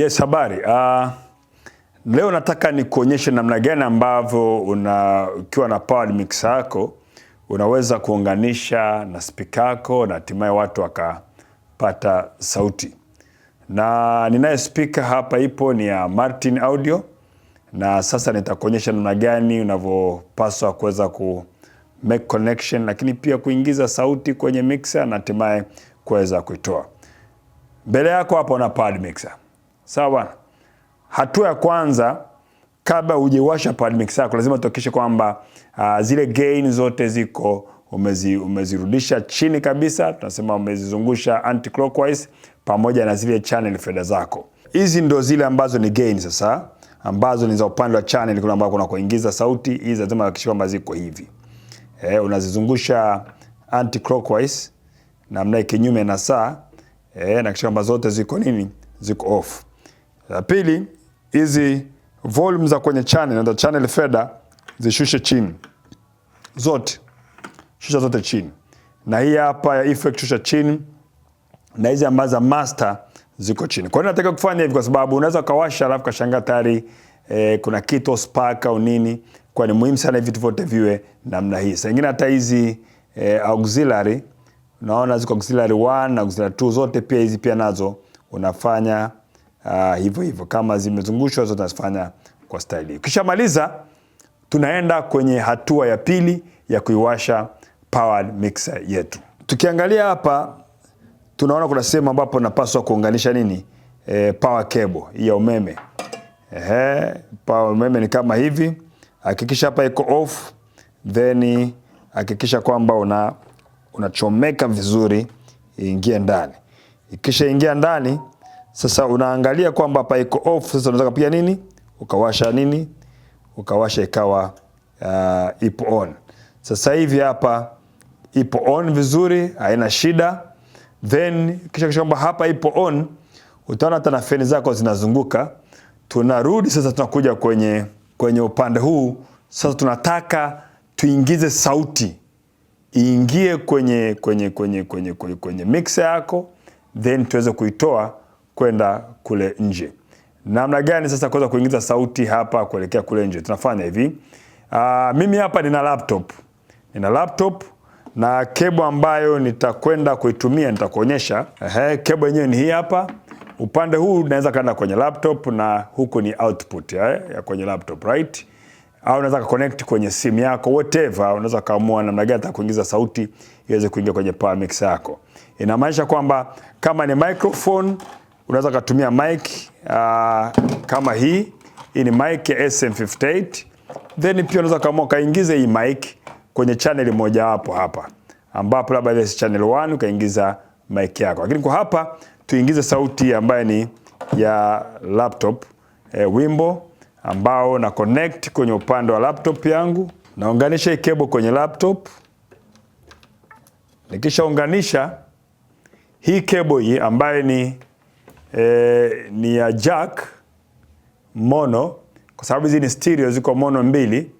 Yes, habari. Uh, leo nataka nikuonyeshe namna gani ambavyo una ukiwa na power mix yako unaweza kuunganisha na spika yako na hatimaye watu wakapata sauti. Na ninaye spika hapa ipo ni ya Martin Audio, na sasa nitakuonyesha namna gani unavyopaswa kuweza ku make connection, lakini pia kuingiza sauti kwenye mixer na hatimaye kuweza kuitoa. Mbele yako hapa una power mixer. Sawa Hatua ya kwanza kabla hujawasha pad mix yako lazima tuhakikishe kwamba uh, zile gain zote ziko umezi, umezirudisha chini kabisa, tunasema umezizungusha anti clockwise pamoja na zile channel fader zako. Hizi ndo zile ambazo ni gain sasa ambazo ni za upande wa channel kuna ambako kuna kuingiza sauti. Hizi lazima hakikisha kwamba ziko hivi. Eh, unazizungusha anti clockwise namna kinyume na saa eh, na kisha kwamba zote ziko nini? Ziko off. La pili, hizi volume za kwenye channel na channel fader zishushe chini zote, shusha zote chini, na hii hapa ya effect shusha chini, na hizi ambazo master ziko chini. Kwa nini nataka kufanya hivi? Kwa sababu unaweza kawasha alafu kashangaa tayari eh, kuna kitu spark au nini. Kwa ni muhimu sana vitu vyote viwe namna hii. Sasa nyingine hata hizi eh, auxiliary naona ziko auxiliary 1 na auxiliary 2 zote pia hizi pia nazo unafanya Ah, hivyo hivyo kama zimezungushwa zote tunafanya kwa staili. Ukishamaliza tunaenda kwenye hatua ya pili ya kuiwasha power mixer yetu. Tukiangalia hapa tunaona kuna sehemu ambapo napaswa kuunganisha nini? E, power cable ya umeme. Ehe, power umeme ni kama hivi. Hakikisha hapa iko off, then hakikisha kwamba una unachomeka vizuri ingie ndani. Ikisha ingia ndani sasa unaangalia kwamba hapa iko off, sasa unaweza kupiga nini ukawasha nini ukawasha ikawa uh, ipo on. Sasa hivi hapa ipo on vizuri, haina shida. Then kisha kisha kwamba hapa ipo on, utaona hata na feni zako zinazunguka. Tunarudi sasa, tunakuja kwenye kwenye upande huu sasa, tunataka tuingize sauti iingie kwenye kwenye kwenye kwenye kwenye, kwenye mixer yako then tuweze kuitoa kwenda kule nje. Namna gani sasa kuweza kuingiza sauti hapa kuelekea kule nje? Tunafanya hivi. Aa, ah, mimi hapa nina laptop. Nina laptop na kebo ambayo nitakwenda kuitumia nitakuonyesha. Ehe, kebo yenyewe ni hii hapa. Upande huu unaweza kaenda kwenye laptop na huku ni output ya, eh, ya kwenye laptop right? Au unaweza connect kwenye simu yako whatever, unaweza kaamua namna gani atakuingiza sauti iweze kuingia kwenye power mix yako. Inamaanisha kwamba kama ni microphone unaweza kutumia mic uh, kama hii. Hii ni mic ya SM58. Then pia unaweza kama kaingiza hii mic kwenye channel moja hapo hapa, ambapo labda ile channel 1 ukaingiza mic yako, lakini kwa hapa tuingize sauti ambayo ni ya laptop e, wimbo ambao na connect kwenye upande wa laptop yangu, naunganisha hii cable kwenye laptop. Nikishaunganisha hii cable hii ambayo ni e, ni ya jack mono, kwa sababu hizi ni stereo, ziko mono mbili.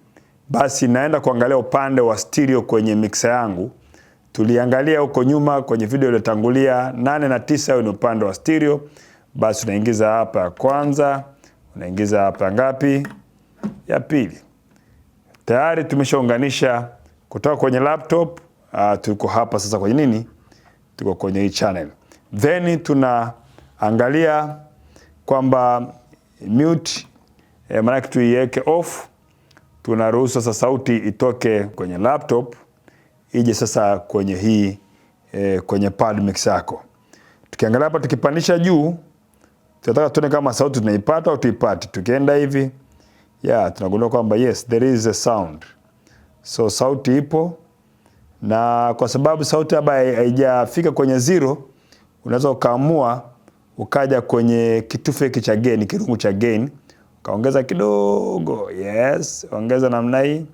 Basi naenda kuangalia upande wa stereo kwenye mixer yangu. Tuliangalia huko nyuma kwenye video iliyotangulia nane na tisa, hiyo ni upande wa stereo. Basi unaingiza hapa ya kwanza, unaingiza hapa ngapi? Ya pili. Tayari tumeshaunganisha kutoka kwenye laptop. Uh, tuko hapa sasa kwenye nini? Tuko kwenye hii channel, then tuna angalia kwamba mute e, eh, maanake tuiweke off. Tunaruhusu sasa sauti itoke kwenye laptop ije sasa kwenye hii e, kwenye pad mix yako. Tukiangalia hapa, tukipandisha juu, tunataka tuone kama sauti tunaipata au tuipati. Tukienda hivi ya yeah, tunagundua kwamba yes there is a sound, so sauti ipo, na kwa sababu sauti haba haijafika kwenye zero, unaweza ukaamua ukaja kwenye kitufe hiki cha gain, kirungu cha gain, ukaongeza kidogo. Yes, ongeza namna hii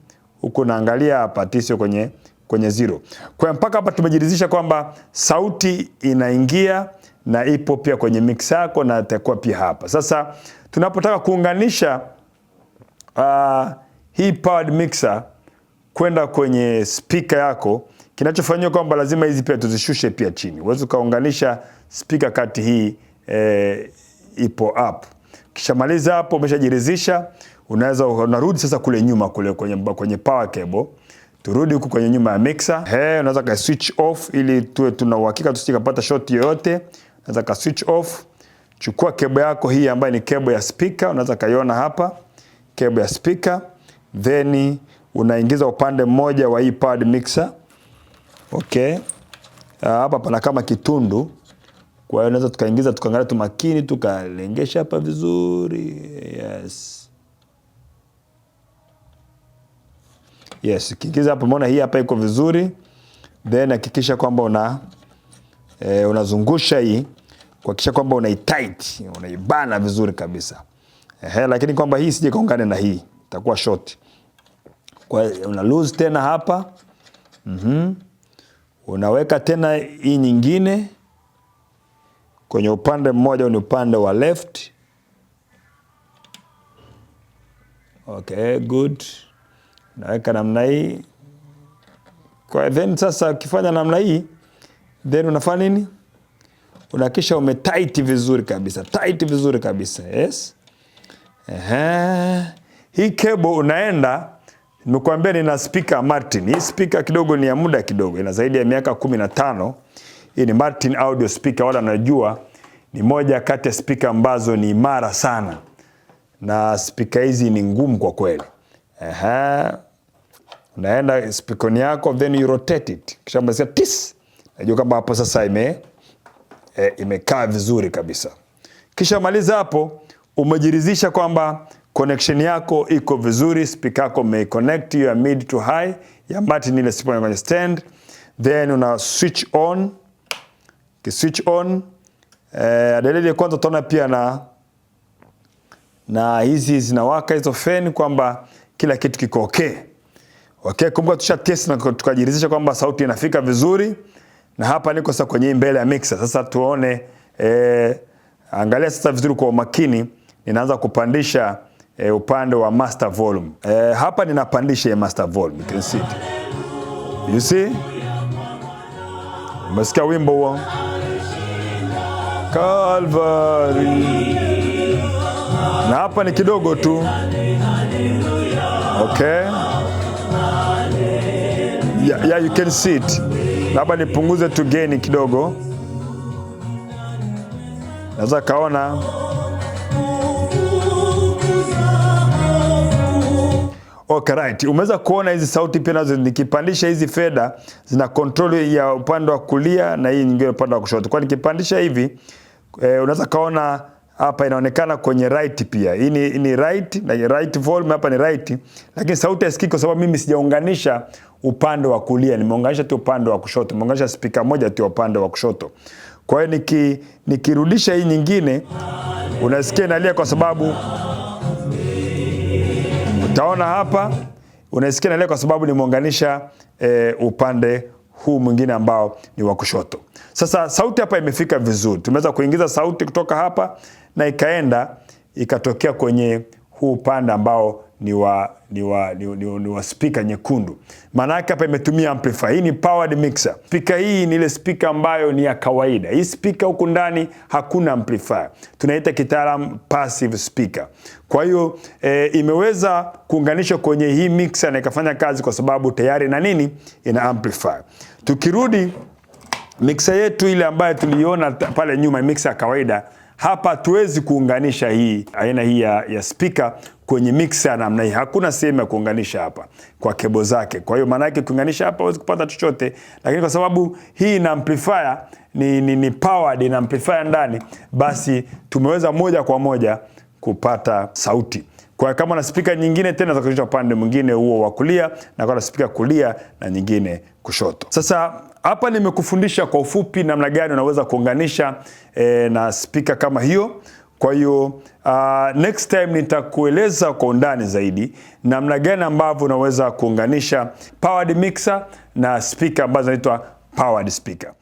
huku, naangalia hapa tisio kwenye kwenye zero. Kwa mpaka hapa tumejiridhisha kwamba sauti inaingia na ipo pia kwenye mix yako na itakuwa pia hapa. Sasa tunapotaka kuunganisha uh, hii powered mixer kwenda kwenye speaker yako, kinachofanywa kwamba lazima hizi pia tuzishushe pia chini. Uweze ukaunganisha speaker kati hii e, ipo app. Kishamaliza hapo, umeshajiridhisha, unaweza unarudi sasa kule nyuma kule kwenye, kwenye power cable turudi huku kwenye nyuma ya mixer. He, eh, unaweza ka switch off ili tuwe tuna uhakika tusikapata shoti yoyote. Unaweza ka switch off, chukua kebo yako hii ambayo ni kebo ya speaker, unaweza kaiona hapa, kebo ya speaker, then unaingiza upande mmoja wa hii pad mixer. Okay, ah, hapa pana kama kitundu kwa hiyo naweza tukaingiza tukaangalia tu makini tukalengesha hapa vizuri. Yes. Yes, kiingiza hapa umeona hii hapa iko vizuri. Then hakikisha kwamba una e, unazungusha hii kuhakikisha kwamba tight, unaibana vizuri kabisa. Ehe, lakini kwamba hii sije kaungane na hii, itakuwa short. Kwa una lose tena hapa. Mhm. Mm, unaweka tena hii nyingine kwenye upande mmoja ni upande wa left. Okay, good. Naweka namna hii kwa then sasa, ukifanya namna hii then unafanya nini? Unahakisha ume tight vizuri kabisa, tight vizuri kabisa yes. Ehe, hii cable unaenda, nimekuambia nina speaker Martin. Hii speaker kidogo ni ya muda kidogo, ina zaidi ya miaka kumi na tano. Hii ni Martin audio speaker, wala najua ni moja kati ya spika ambazo ni imara sana, na spika hizi ni ngumu kwa kweli. Aha, unaenda spikoni yako, then you rotate it, kisha mnasikia tis. Najua kama hapo sasa ime e, imekaa vizuri kabisa. Kisha maliza hapo, umejiridhisha kwamba connection yako iko vizuri, speaker yako connect ya mid to high ya Martin ile sipo kwenye stand, then una switch on switch on eh, dalili ya kwanza utaona pia na na hizi zinawaka hizo fan kwamba kila kitu kiko okay. Okay, kumbuka tusha test na tukajiridhisha kwamba sauti inafika vizuri, na hapa niko sasa kwenye mbele ya mixer. Sasa tuone eh, angalia sasa vizuri kwa umakini, ninaanza kupandisha eh, upande wa master volume. Eh, hapa ninapandisha master volume. You can see it. You see? Umesikia wimbo huo? Kalvari. Na hapa ni kidogo tu, okay. Yeah, yeah, you can see it. Labda nipunguze tu geni kidogo, naweza kaona Okay, right. Umeweza kuona hizi sauti pia nazo nikipandisha hizi feda zina control ya upande wa kulia na hii nyingine upande wa kushoto. Kwa nikipandisha hivi e, unaweza kaona hapa inaonekana kwenye right pia. Hii ni, ni right na right volume hapa ni right, lakini sauti haisikiki kwa sababu mimi sijaunganisha upande wa kulia, nimeunganisha tu upande wa kushoto, nimeunganisha speaker moja tu upande wa kushoto. Kwa hiyo niki, nikirudisha hii nyingine unasikia inalia kwa sababu utaona hapa unasikia inalia kwa sababu nimeunganisha e, upande huu mwingine ambao ni wa kushoto. Sasa sauti hapa imefika vizuri, tumeweza kuingiza sauti kutoka hapa na ikaenda ikatokea kwenye huu upande ambao ni wa, ni wa, ni, ni, ni wa spika nyekundu. yake hapa imetumia amplifier. Hii ni powered mixer. Spika hii ni ile spika ambayo ni ya kawaida. Hii spika huku ndani hakuna amplifier, tunaita kitaalam passive speaker. Kwa hiyo e, imeweza kuunganishwa kwenye hii mixer na ikafanya kazi kwa sababu tayari na nini ina amplifier. Tukirudi mixer yetu ile ambayo tuliona pale nyuma, mixer ya kawaida hapa hatuwezi kuunganisha hii aina hii ya, ya spika kwenye mixer namna hii, hakuna sehemu ya kuunganisha hapa kwa kebo zake. Kwa hiyo maana yake ukiunganisha hapa huwezi kupata chochote, lakini kwa sababu hii ina amplifier ni, ni, ni powered ina amplifier ndani, basi tumeweza moja kwa moja kupata sauti. Kwa kama na spika nyingine tena za kushusha upande mwingine huo wa kulia na kwa na spika kulia na nyingine kushoto. Sasa hapa nimekufundisha kwa ufupi namna gani unaweza kuunganisha e, na spika kama hiyo. Kwa hiyo uh, next time nitakueleza kwa undani zaidi namna gani ambavyo unaweza kuunganisha powered mixer na spika ambazo zinaitwa powered speaker.